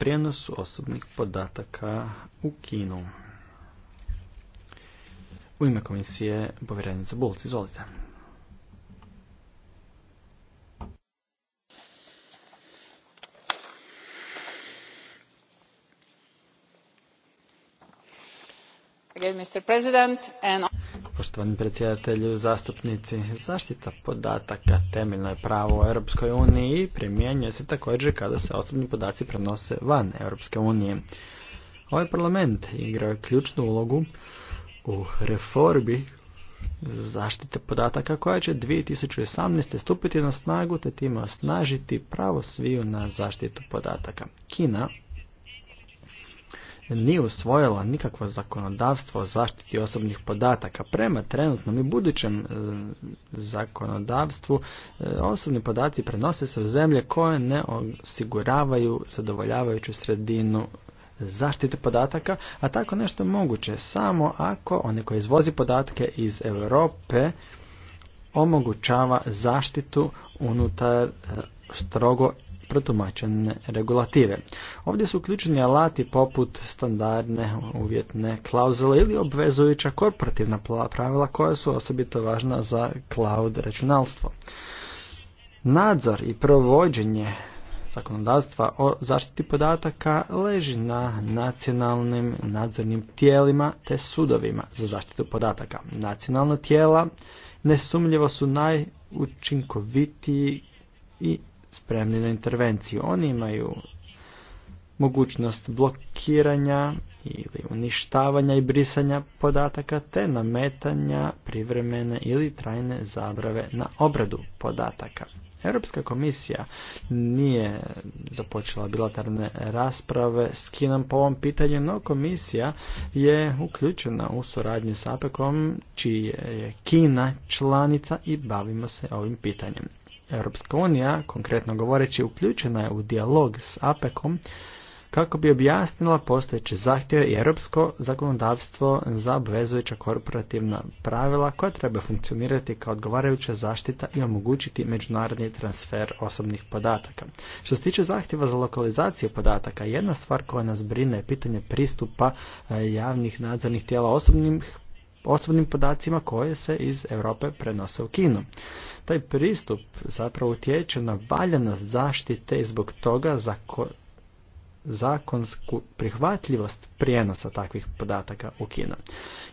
prijenosu osobnih podataka u Kinu. U ime komisije povjerenica Bulc, izvolite. Mr. President and Poštovani predsjedatelju, zastupnici, zaštita podataka temeljno je pravo u Europskoj uniji i primjenjuje se također kada se osobni podaci prenose van Europske unije. Ovaj parlament igra ključnu ulogu u reformi zaštite podataka koja će 2018. stupiti na snagu te time osnažiti pravo sviju na zaštitu podataka. Kina nije usvojila nikakvo zakonodavstvo o zaštiti osobnih podataka. Prema trenutnom i budućem e, zakonodavstvu e, osobni podaci prenose se u zemlje koje ne osiguravaju zadovoljavajuću sredinu zaštite podataka, a tako nešto je moguće samo ako one koji izvozi podatke iz Europe omogućava zaštitu unutar e, strogo protumačene regulative. Ovdje su uključeni alati poput standardne uvjetne klauzule ili obvezujuća korporativna pravila koja su osobito važna za cloud računalstvo. Nadzor i provođenje zakonodavstva o zaštiti podataka leži na nacionalnim nadzornim tijelima te sudovima za zaštitu podataka. Nacionalna tijela nesumljivo su najučinkovitiji i spremni na intervenciju. Oni imaju mogućnost blokiranja ili uništavanja i brisanja podataka te nametanja privremene ili trajne zabrave na obradu podataka. Europska komisija nije započela bilateralne rasprave s Kinom po ovom pitanju, no komisija je uključena u suradnju s APEC-om, čiji je Kina članica i bavimo se ovim pitanjem. Europska unija, konkretno govoreći, uključena je u dijalog s apekom kako bi objasnila postojeće zahtjeve i europsko zakonodavstvo za obvezujuća korporativna pravila koja treba funkcionirati kao odgovarajuća zaštita i omogućiti međunarodni transfer osobnih podataka. Što se tiče zahtjeva za lokalizaciju podataka, jedna stvar koja nas brine je pitanje pristupa e, javnih nadzornih tijela osobnih osobnim podacima koje se iz Europe prenose u Kinu. Taj pristup zapravo utječe na valjanost zaštite i zbog toga za zakonsku prihvatljivost prijenosa takvih podataka u Kinu.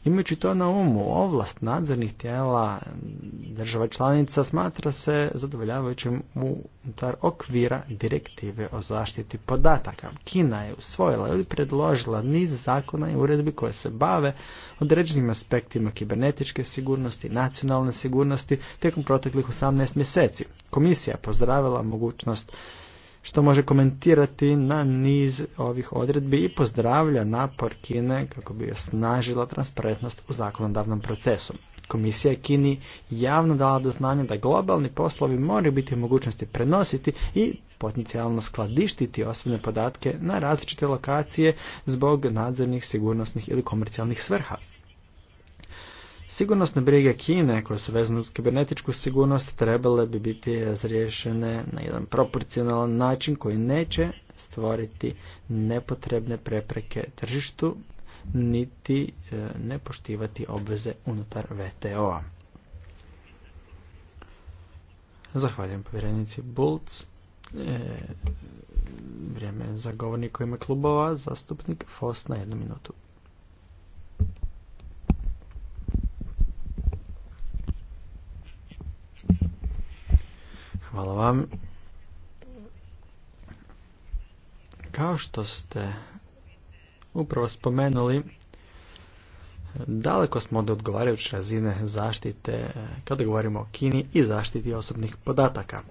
Imajući to na umu, ovlast nadzornih tijela država članica smatra se zadovoljavajućim unutar okvira direktive o zaštiti podataka. Kina je usvojila ili predložila niz zakona i uredbi koje se bave određenim aspektima kibernetičke sigurnosti, nacionalne sigurnosti tijekom proteklih 18 mjeseci. Komisija pozdravila mogućnost što može komentirati na niz ovih odredbi i pozdravlja napor Kine kako bi osnažila transparentnost u zakonodavnom procesu. Komisija Kini javno dala do znanja da globalni poslovi moraju biti u mogućnosti prenositi i potencijalno skladištiti osobne podatke na različite lokacije zbog nadzornih, sigurnosnih ili komercijalnih svrha. Sigurnosne brige Kine koje su vezane uz kibernetičku sigurnost trebale bi biti razriješene na jedan proporcionalan način koji neće stvoriti nepotrebne prepreke tržištu niti e, ne poštivati obveze unutar VTO-a. Zahvaljujem povjerenici Bulc. E, vrijeme za govornik u ime klubova, zastupnik Fos na jednu minutu. Hvala vam. Kao što ste upravo spomenuli, daleko smo od odgovarajuće razine zaštite eh, kada govorimo o Kini i zaštiti osobnih podataka.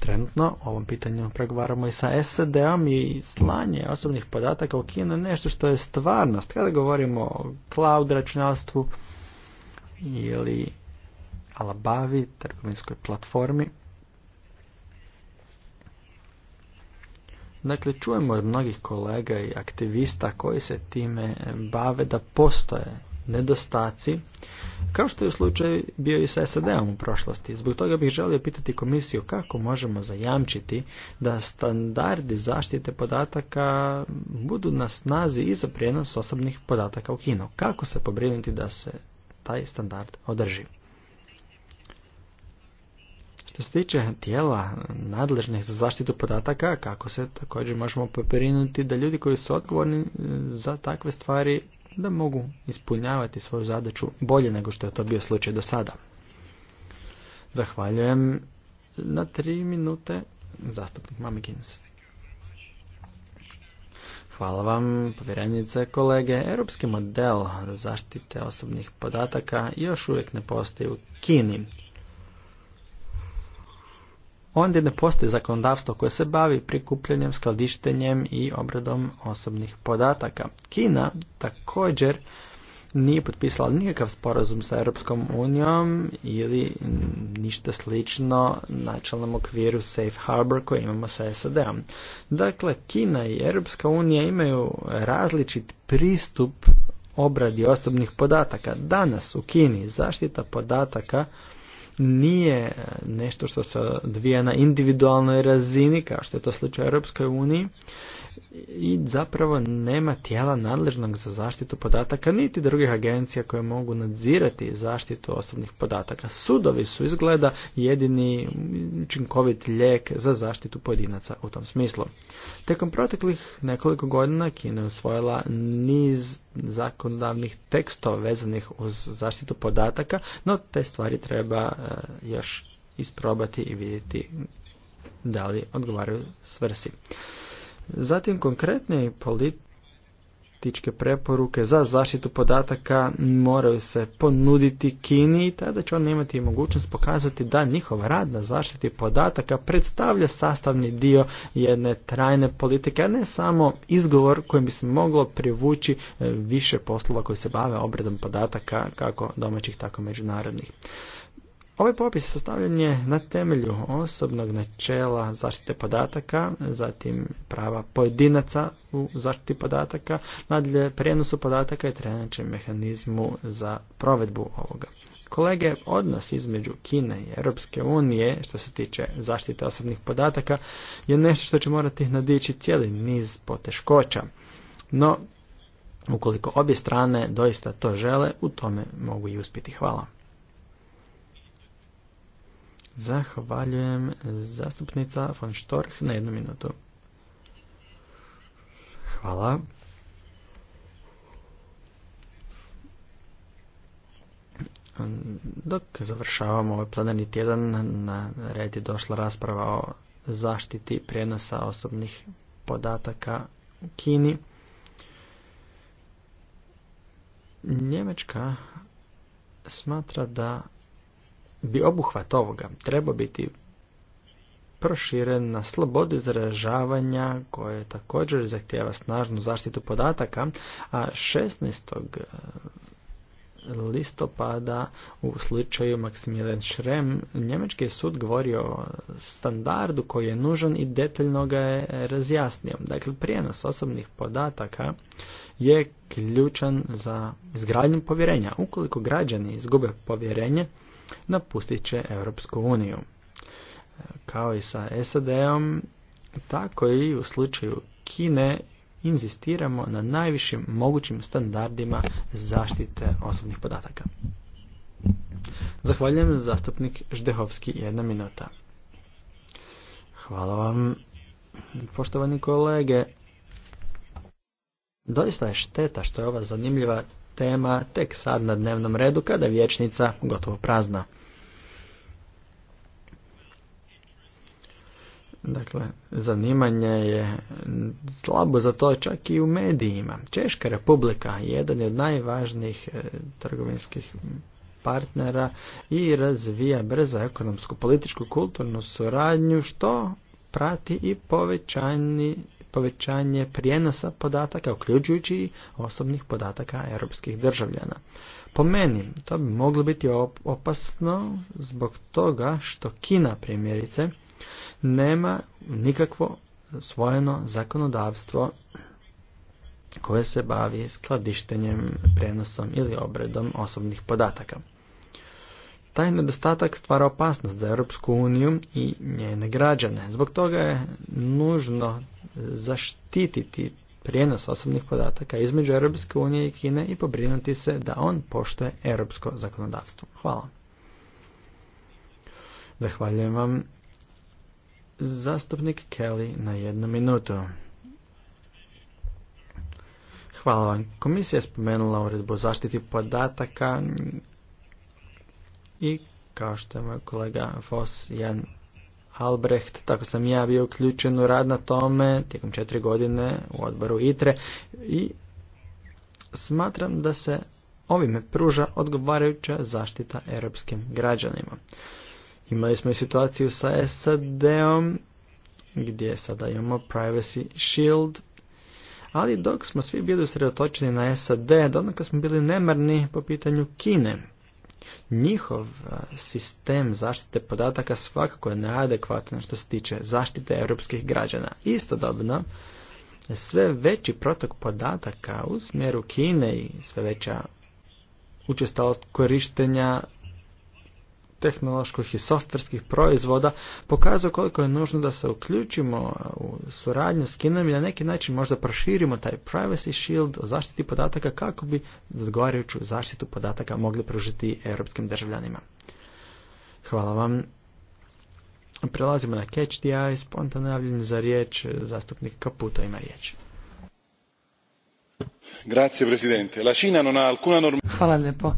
Trenutno o ovom pitanju pregovaramo i sa sed om i slanje osobnih podataka u Kinu nešto što je stvarnost. Kada govorimo o cloud računalstvu ili bavi trgovinskoj platformi. Dakle, čujemo od mnogih kolega i aktivista koji se time bave da postoje nedostaci, kao što je u slučaju bio i sa SAD-om u prošlosti. Zbog toga bih želio pitati komisiju kako možemo zajamčiti da standardi zaštite podataka budu na snazi i za prijenos osobnih podataka u Kino. Kako se pobrinuti da se taj standard održi? Što se tiče tijela nadležnih za zaštitu podataka, kako se također možemo poprinuti da ljudi koji su odgovorni e, za takve stvari da mogu ispunjavati svoju zadaću bolje nego što je to bio slučaj do sada. Zahvaljujem na tri minute zastupnik Mamikins. Hvala vam, povjerenice, kolege. Europski model zaštite osobnih podataka još uvijek ne postoji u Kini ondje ne postoji zakonodavstvo koje se bavi prikupljanjem, skladištenjem i obradom osobnih podataka. Kina također nije potpisala nikakav sporazum sa Europskom unijom ili ništa slično načelnom okviru Safe Harbor koji imamo sa SAD-om. Dakle, Kina i Europska unija imaju različit pristup obradi osobnih podataka. Danas u Kini zaštita podataka nije e, nešto što se odvija na individualnoj razini, kao što je to slučaj u Europskoj uniji, i zapravo nema tijela nadležnog za zaštitu podataka, niti drugih agencija koje mogu nadzirati zaštitu osobnih podataka. Sudovi su izgleda jedini učinkovit lijek za zaštitu pojedinaca u tom smislu. Tekom proteklih nekoliko godina Kina je osvojila niz zakonodavnih tekstova vezanih uz zaštitu podataka, no te stvari treba e, još isprobati i vidjeti da li odgovaraju svrsi. Zatim konkretni politike tičke preporuke za zaštitu podataka moraju se ponuditi Kini i tada će oni imati mogućnost pokazati da njihova rad na zaštiti podataka predstavlja sastavni dio jedne trajne politike, a ne samo izgovor kojim bi se moglo privući e, više poslova koji se bave obradom podataka kako domaćih tako međunarodnih. Ovaj popis sastavljen je na temelju osobnog načela zaštite podataka, zatim prava pojedinaca u zaštiti podataka, nadalje prijenosu podataka i trenačem mehanizmu za provedbu ovoga. Kolege, odnos između Kine i Europske unije što se tiče zaštite osobnih podataka je nešto što će morati nadići cijeli niz poteškoća. No, ukoliko obje strane doista to žele, u tome mogu i uspjeti. Hvala. Zahvaljujem zastupnica von Storch na jednu minutu. Hvala. Dok završavamo ovaj plenarni tjedan, na red je došla rasprava o zaštiti prijenosa osobnih podataka u Kini. Njemačka smatra da bi obuhvat ovoga trebao biti proširen na slobodu izražavanja koje također zahtjeva snažnu zaštitu podataka, a 16. Eh, listopada u slučaju Maximilian Schrem njemački sud govorio o standardu koji je nužan i detaljno ga je razjasnio. Dakle, prijenos osobnih podataka je ključan za izgradnju povjerenja. Ukoliko građani izgube povjerenje, napustit će Europsku uniju. Kao i sa SAD-om, tako i u slučaju Kine inzistiramo na najvišim mogućim standardima zaštite osobnih podataka. Zahvaljujem zastupnik Ždehovski, jedna minuta. Hvala vam, poštovani kolege. Doista je šteta što je ova zanimljiva tema tek sad na dnevnom redu kada je vječnica gotovo prazna. Dakle, zanimanje je slabo za to čak i u medijima. Češka republika je jedan od najvažnijih e, trgovinskih partnera i razvija brzo ekonomsku, političku, kulturnu suradnju što prati i povećanje povećanje prijenosa podataka, uključujući i osobnih podataka europskih državljana. Po meni, to bi moglo biti opasno zbog toga što Kina primjerice nema nikakvo svojeno zakonodavstvo koje se bavi skladištenjem, prenosom ili obredom osobnih podataka. Taj nedostatak stvara opasnost za Europsku uniju i njene građane. Zbog toga je nužno zaštititi prijenos osobnih podataka između Europske unije i Kine i pobrinuti se da on poštuje europsko zakonodavstvo. Hvala. Zahvaljujem vam. Zastupnik Kelly na jednu minutu. Hvala vam. Komisija je spomenula uredbu o zaštiti podataka i kao što je moj kolega Fos Jan Albrecht, tako sam ja bio uključen u rad na tome tijekom četiri godine u odboru ITRE i smatram da se ovime pruža odgovarajuća zaštita europskim građanima. Imali smo i situaciju sa SAD-om gdje sada imamo Privacy Shield, ali dok smo svi bili usredotočeni na SAD, donaka smo bili nemarni po pitanju Kine. Njihov e, sistem zaštite podataka svakako je neadekvatan što se tiče zaštite europskih građana. Istodobno, sve veći protok podataka u smjeru Kine i sve veća učestalost korištenja tehnoloških i softverskih proizvoda pokazao koliko je nužno da se uključimo u suradnju s Kinom i na neki način možda proširimo taj privacy shield o zaštiti podataka kako bi odgovarajuću zaštitu podataka mogli pružiti europskim državljanima. Hvala vam. Prelazimo na Catch the Eye, spontano javljenje za riječ, zastupnik Kaputo ima riječ. Grazie, La Hvala lijepo.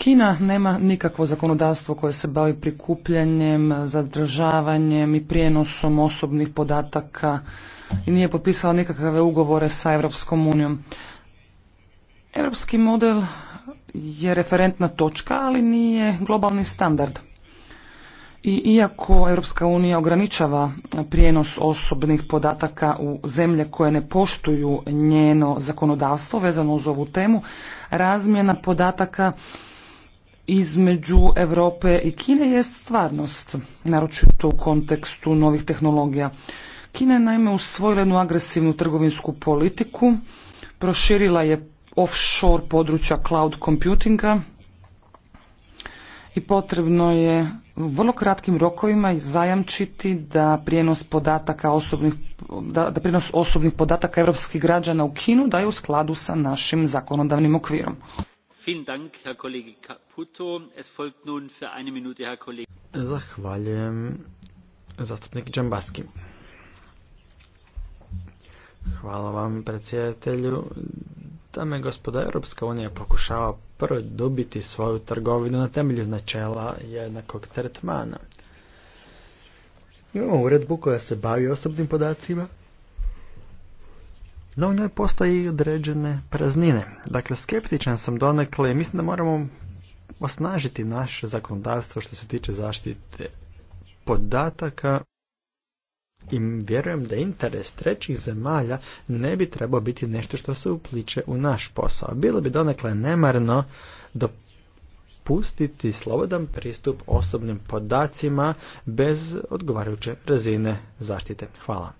Kina nema nikakvo zakonodavstvo koje se bavi prikupljanjem, zadržavanjem i prijenosom osobnih podataka i nije potpisala nikakve ugovore sa Europskom unijom. Europski model je referentna točka, ali nije globalni standard. I iako Europska unija ograničava prijenos osobnih podataka u zemlje koje ne poštuju njeno zakonodavstvo vezano uz ovu temu, razmjena podataka između Europe i Kine jest stvarnost, naročito u kontekstu novih tehnologija. Kina je naime usvojila jednu agresivnu trgovinsku politiku, proširila je offshore područja cloud computinga i potrebno je u vrlo kratkim rokovima zajamčiti da prijenos podataka osobnih, da, da prijenos osobnih podataka europskih građana u Kinu da je u skladu sa našim zakonodavnim okvirom. Zahvaljujem zastupnik Džambaski. Hvala vam predsjedatelju. Dame i gospoda, Europska unija pokušava produbiti svoju trgovinu na temelju načela jednakog tretmana. Imamo uredbu koja se bavi osobnim podacima, no u njoj postoji određene praznine. Dakle, skeptičan sam donekle i mislim da moramo osnažiti naše zakonodavstvo što se tiče zaštite podataka i vjerujem da interes trećih zemalja ne bi trebao biti nešto što se upliče u naš posao. Bilo bi donekle nemarno dopustiti slobodan pristup osobnim podacima bez odgovarajuće razine zaštite. Hvala.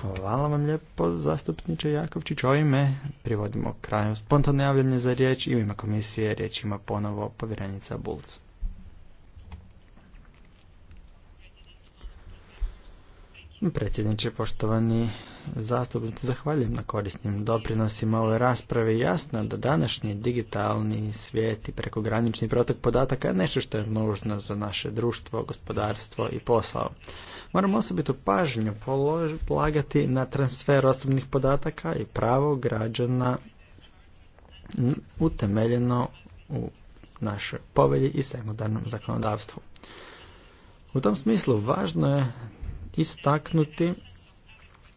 Hvala vam lijepo, zastupniče Jakovčić. ime privodimo kraju spontane javljanje za riječ i u ime komisije riječ ima ponovo povjerenica Bulc. Predsjedniče, poštovani zastupnici, zahvaljujem na korisnim doprinosima ove rasprave. Jasno da današnji digitalni svijet i prekogranični protok podataka je nešto što je nužno za naše društvo, gospodarstvo i posao. Moramo osobitu pažnju polagati na transfer osobnih podataka i pravo građana utemeljeno u našoj povelji i sekundarnom zakonodavstvu. U tom smislu važno je istaknuti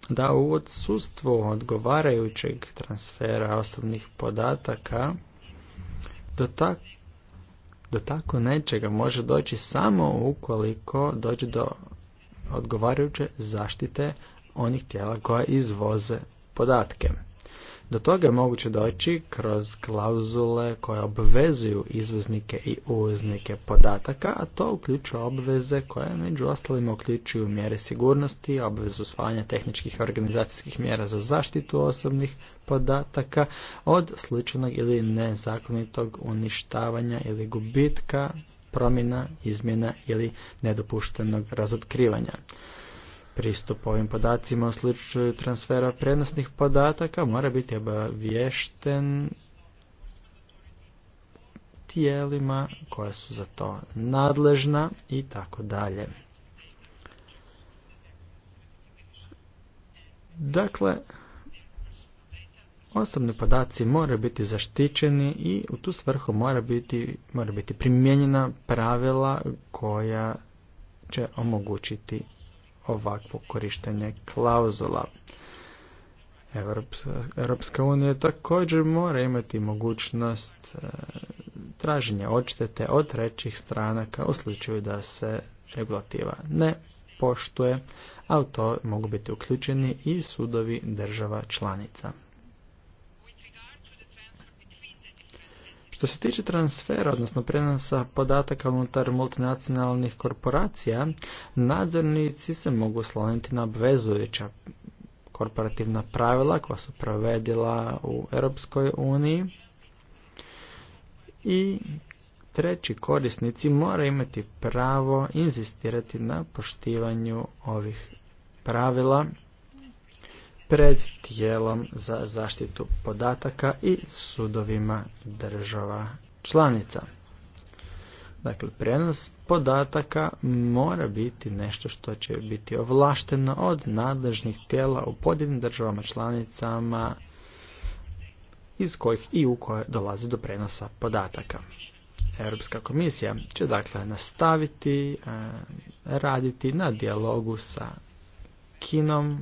da u odsustvu odgovarajućeg transfera osobnih podataka do, do tako nečega može doći samo ukoliko dođe do odgovarajuće zaštite onih tijela koja izvoze podatke. Do toga je moguće doći kroz klauzule koje obvezuju izvoznike i uvoznike podataka, a to uključuje obveze koje među ostalima uključuju mjere sigurnosti, obvezu usvajanja tehničkih i organizacijskih mjera za zaštitu osobnih podataka od slučajnog ili nezakonitog uništavanja ili gubitka, promjena, izmjena ili nedopuštenog razotkrivanja. Pristup ovim podacima u slučaju transfera prenosnih podataka mora biti obaviješten tijelima koja su za to nadležna i tako dalje. Dakle, osobni podaci moraju biti zaštićeni i u tu svrhu mora biti, mora biti primijenjena pravila koja će omogućiti ovakvo korištenje klauzula. Europska unija također mora imati mogućnost e, traženja odštete od trećih stranaka u slučaju da se regulativa ne poštuje, a u to mogu biti uključeni i sudovi država članica. Što se tiče transfera, odnosno prenosa podataka unutar multinacionalnih korporacija, nadzornici se mogu sloniti na obvezujuća korporativna pravila koja su provedila u Europskoj uniji i treći korisnici mora imati pravo inzistirati na poštivanju ovih pravila pred tijelom za zaštitu podataka i sudovima država članica. Dakle, prenos podataka mora biti nešto što će biti ovlašteno od nadležnih tijela u pojedinim državama članicama iz kojih i u koje dolazi do prenosa podataka. Europska komisija će dakle nastaviti e, raditi na dijalogu sa Kinom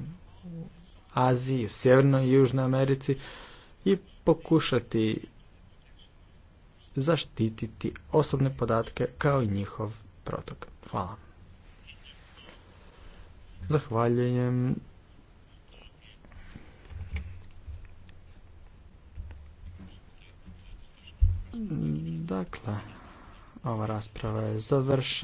Aziji, u Sjevernoj i Južnoj Americi i pokušati zaštititi osobne podatke kao i njihov protok. Hvala. Zahvaljujem. Dakle, ova rasprava je završena.